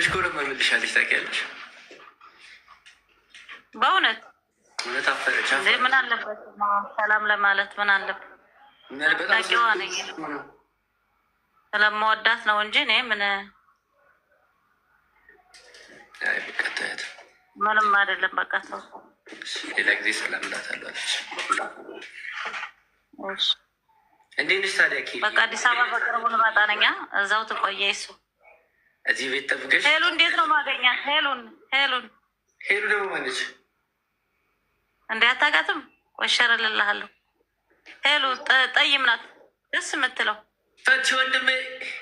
ስትሽኮረም መልሻለች። ታውቂያለሽ? በእውነት እውነት አፈረች። ምን አለበት ሰላም ለማለት ምን አለበት? ስለማወዳት ነው እንጂ እኔ ምን ምንም አይደለም። በቃ ሰው ሌላ ጊዜ ሰላም እላታለሁ አለች። እንዴት ነሽ ታዲያ? በቃ አዲስ አበባ በቅርቡ ልመጣ ነኝ። እዛው ትቆየ ይሱ እዚህ ቤት ጠብቀሽ ሄሉ እንዴት ነው ማገኛ? ሄሉን ሄሉን ሄሉ ደግሞ ማለች እንዴ አታውቃትም? ወሸረ ሄሉ ጠይም ናት፣ ደስ የምትለው ፈቺ ወንድሜ፣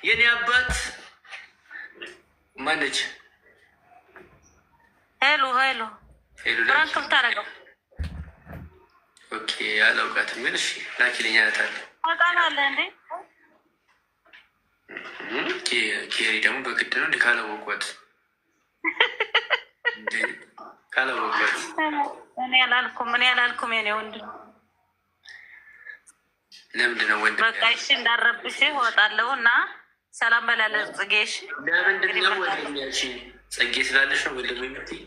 የኔ አባት ማነች ሄሉ ሄሉ ራንክ ብታደረገው ኦኬ፣ አላውቃትም ግን እሺ ላኪልኛ ያታለ ታውቃናለህ እንዴ ኬሪ ደግሞ በግድ ነው እንደ ካለወቆት ካለወቆት እኔ አላልኩም እኔ አላልኩም የኔ ወንድም ለምንድን ነው ወንድም በቃ እሺ እንዳረብሽ እወጣለሁ እና ሰላም በላለ ጽጌሽ ለምንድን ነው ወንድም ጽጌ ስላለሽ ነው ወንድም የምትይ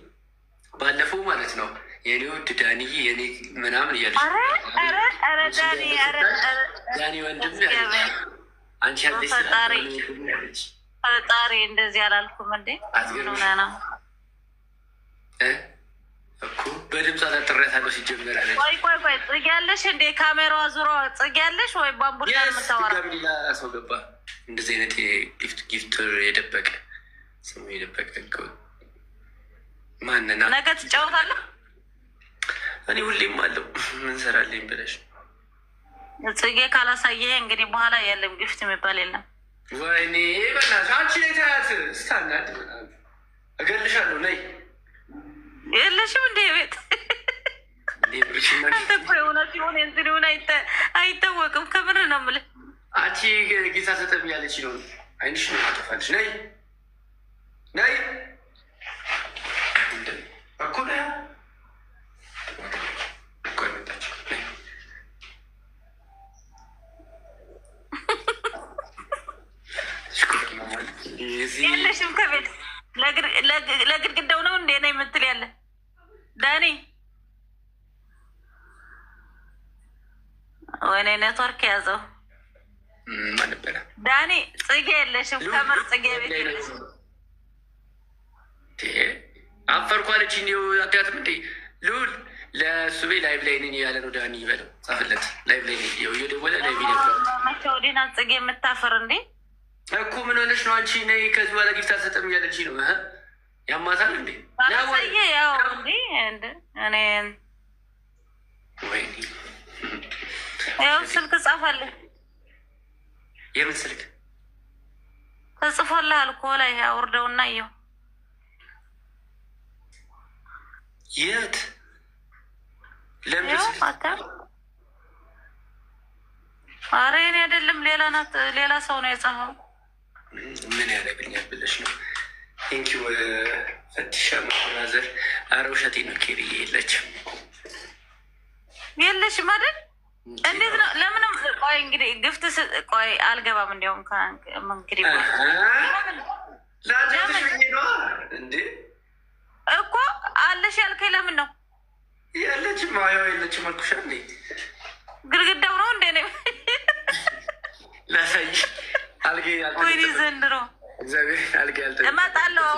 ባለፈው ማለት ነው የኔ ውድ ዳኒ የኔ ምናምን እያለ ዳኒ ወንድም አንቺ ያለሽ ፈጣሪ እንደዚህ አላልኩም እንዴ? ነው በድምፅ ሲጀመር ቆይ ቆይ ቆይ ጽጌያለሽ እንዴ? ካሜራዋ ዙሮ ጽጌያለሽ ወይ? ሌላ ሰው ገባ። እንደዚህ አይነት ጊፍት የደበቀ ስሙ የደበቀ ማንና ነገ ትጫወታለህ። እኔ ሁሌም አለው ምን ሰራለኝ ብለሽ ጽጌ ካላሳየ እንግዲህ በኋላ የለም ግፍት የሚባል የለም። ወይኔ በእናትሽ አንቺ ነይ ተያት ስታናድ እገልሻለሁ። ነይ የለሽም እንደ ቤት እውነት ሲሆን እንትን ሆን አይታወቅም። ከምር ነው የምልህ አንቺ ጌታ ያለች ነው አይንሽ ነው ያጠፋልሽ። ነይ ነይ እኮ ነይ ዳኒ ወይኔ ኔትወርክ ያዘው። ዳኒ ጽጌ የለሽም፣ ከምር ጽጌ ቤት የለሽም። አፈርኩ አለች እንዲሁ አትያትም እንዴ ልዑል ለሱቤ ላይቭ ላይ ነኝ ያለ ነው። ዳኒ ይበለው ጻፍለት። ላይቭ ላይ ነኝ እየደወለ ላይቭ ነበር ናቸው። ዲና ጽጌ የምታፈር እንዴ እኮ ምን ሆነሽ ነው አንቺ? ነይ ከዚህ በኋላ ጊፍት አልሰጠም እያለች ነው ያማታል እንዴ? ያው እንዴ እኔ ያው ስልክ ጻፋለህ። የምን ስልክ ተጽፎልሃል እኮ ላይ አውርደውና፣ እየው የት ለምን አረ፣ እኔ አይደለም ሌላ ናት፣ ሌላ ሰው ነው የጻፈው። ምን ያደርግልኛል ብለሽ ነው ቴንኪዩ ፈትሻ መናዘር። አረ ውሸቴ ነው። ኬሪዬ የለችም የለሽም አይደል? እንዴት ነው? ለምንም ቆይ እንግዲህ ግፍት ቆይ አልገባም። እንዲሁም እንግዲህ እኮ አለሽ ያልከኝ ለምን ነው? የለችም ያው የለችም አልኩሽ። እንዴ ግርግዳው ነው እንደ ነው ለሰይ አልጌ ያልተ ወይ ዘንድሮ እግዚአብሔር አልጌ ያልጠ እመጣለሁ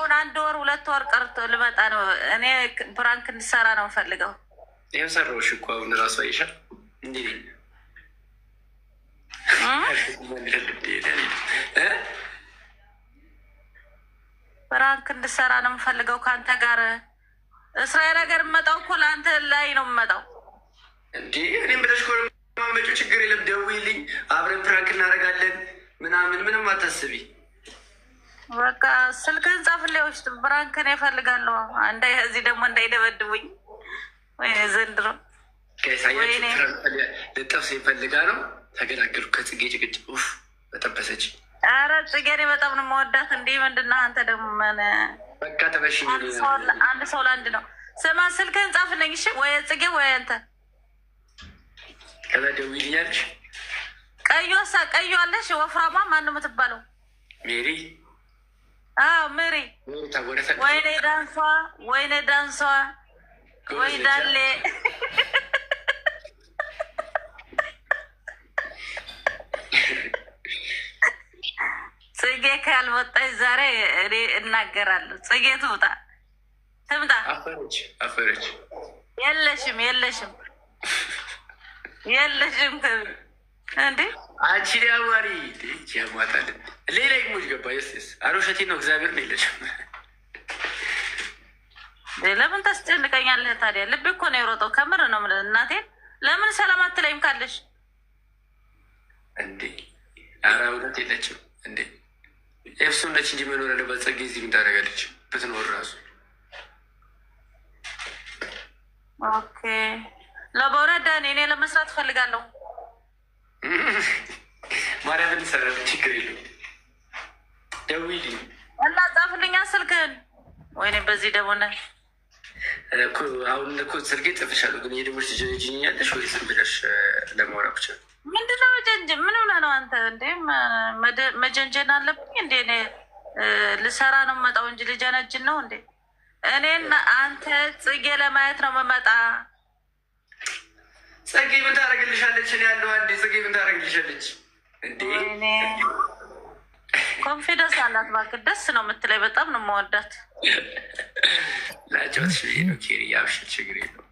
ወር ቀርቶ ልመጣ ነው። እኔ ፕራንክ እንድሰራ ነው ፈልገው። ይህ ሰራሽ እኮ አሁን ራሱ አይሻል እንዲ ፕራንክ እንድሰራ ነው የምፈልገው ከአንተ ጋር እስራኤል ሀገር የምመጣው እኮ ለአንተ ላይ ነው የምመጣው። እንዲህ እኔም ብለሽ እኮ ማመጪው ችግር የለም። ደውዪልኝ፣ አብረን ፍራንክ እናደርጋለን ምናምን። ምንም አታስቢ በቃ ስልክህን ጻፍልኝ። ውስጥ ብራንክን እፈልጋለሁ። እዚህ ደግሞ እንዳይደበድቡኝ ወይ ዘንድሮ ልጠብስ ይፈልጋ ነው። ተገላገልኩ ከጽጌ ጭቅጭቅ። ፍ በጠበሰች። አረ ጽጌ እኔ በጣም ነው መወዳት። እንዲህ ምንድና አንተ ደግሞ በቃ ተበሽኝ። አንድ ሰው ለአንድ ነው። ስማ ስልክህን ጻፍልኝ እሺ፣ ወይ ጽጌ ወይ አንተ። ከዛ ደውይልኛለሽ። ቀዩ ሳ ቀዩ አለሽ ወፍራማ ማነው የምትባለው? ሜሪ ምሪ ወይኔ ዳንሷ ወይኔ ዳንሷ ወይ ዳሌ ጽጌ ካልወጣች ዛሬ እኔ እናገራለሁ። ጽጌ ትውጣ ትምጣ። አፈረች። የለሽም የለሽም የለሽም። እንዴ አንቺ ዲያማሪ ያሟታል ሌላ ኢሞጅ ገባ። ስ አሮሸቴ ነው እግዚአብሔር ነው የለች። ለምን ታስጨንቀኛለህ ታዲያ? ልብ እኮ ነው የሮጠው። ከምር ነው የምልህ እናቴን። ለምን ሰላም አትለይም ካለሽ እንዴ? ኧረ እውነት የለችም እንዴ? ኤፍሱ ነች እንጂ መኖር ያለባት ጸጌ እዚህ ምን ታደርጋለች? ብትኖር ራሱ ኦኬ። ለበረዳ እኔ ለመስራት ፈልጋለሁ። ማርያምን ሰራለች። ችግር የለውም ደውዪልኝ እና ጻፍልኛ ስልክህን። ወይኔ በዚህ ደቡነ አሁን እኮ ስልኬ ጥፍሻለሁ፣ ግን የደሞች ትጀንጅኛለሽ ወይ ዝም ብለሽ ለማውራ ብቻ ምንድነው ጀንጀ ምን ሆነ ነው አንተ እንዴ? መጀንጀን አለብኝ እንዴ? እኔ ልሰራ ነው መጣው እንጂ ልጀነጅን ነው እንዴ? እኔን አንተ ጽጌ ለማየት ነው መመጣ። ጽጌ ምን ታደርግልሻለች? እኔ ያለው አንዴ ጽጌ ምን ታደርግልሻለች እንዴ? ኮንፊደንስ አላት። እባክህ ደስ ነው የምትለኝ። በጣም ነው የማወዳት። ላጫውትሽ ብዬ ነው። ኬሪ ያብሽ ችግር የለውም።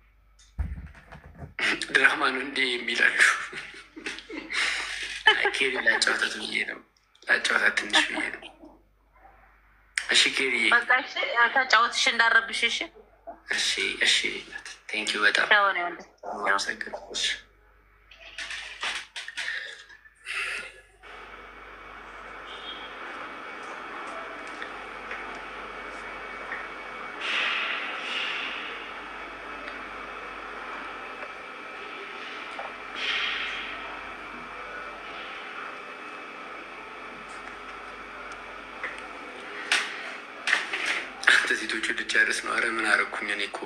ድራማ ነው እንዴ የሚላችሁ? ኬሪ ላጫውታት ብዬ ነው። ላጫውታት ትንሽ ብዬ ነው። እሺ ኬሪ ተጫወትሽ እንዳረብሽ። እሺ እሺ እሺ። ቴንኪው በጣም ሴቶቹ ልጨርስ ነው። አረ ምን አረኩኝ? እኔ እኮ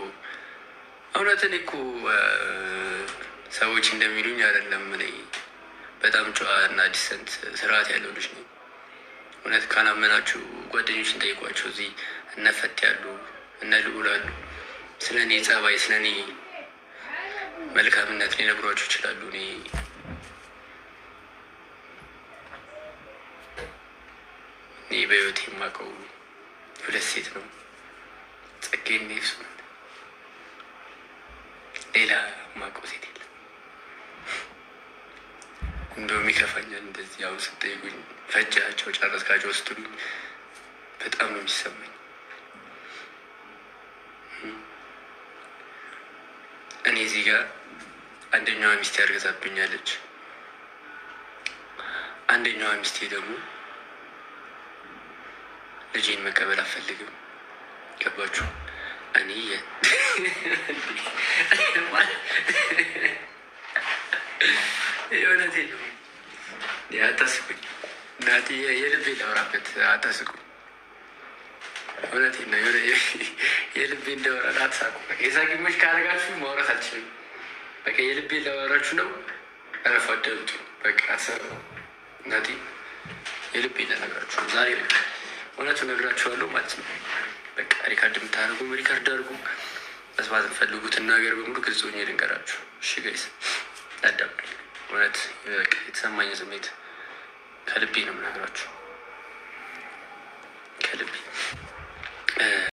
እውነት እኔ እኮ ሰዎች እንደሚሉኝ አይደለም። እኔ በጣም ጨዋ እና ዲሰንት ስርዓት ያለው ልጅ ነው። እውነት ካላመናችሁ ጓደኞች እንጠይቋቸው። እዚህ እነፈት ያሉ እነ ልዑል አሉ። ስለ እኔ ጸባይ፣ ስለ እኔ መልካምነት ሊነግሯቸው ይችላሉ። እኔ እኔ በህይወት የማውቀው ሁለት ሴት ነው። ጸጌ ኔሱ ሌላ ማውቀው ሴት የለም። እንደውም ይከፋኛል እንደዚህ አሁን ስጠይቁኝ ፈጃቸው ጨረስካቸው ስትሉኝ በጣም ነው የሚሰማኝ። እኔ እዚህ ጋር አንደኛዋ ሚስቴ አርግዛብኛለች። አንደኛዋ ሚስቴ ደግሞ ልጄን መቀበል አልፈልግም። ገባችሁ? እኔ የእውነት የለውም። አታስቁኝ እናቴ፣ የልቤ ላውራበት አታስቁኝ። እውነቴን ነው የልቤ እንዳወራ አትሳቁ። የሳቂሞች ካረጋችሁ ማውራት አልችልም። በቃ የልቤ ላወራችሁ ነው። እረፍ አደምጡ። በቃ ሰሩ እናቴ፣ የልቤ ላነግራችሁ ዛሬ እውነቱ ነግራችኋለሁ ማለት ነው። በቃ ሪካርድ የምታደርጉም ሪካርድ አድርጉ። መስማት የምፈልጉትን ነገር በሙሉ ግልጽ ሆኜ ልንገራችሁ። እሺ ጋይስ አዳምጡ። እውነት የተሰማኝ ስሜት ከልቤ ነው የምነግራችሁ ከልቤ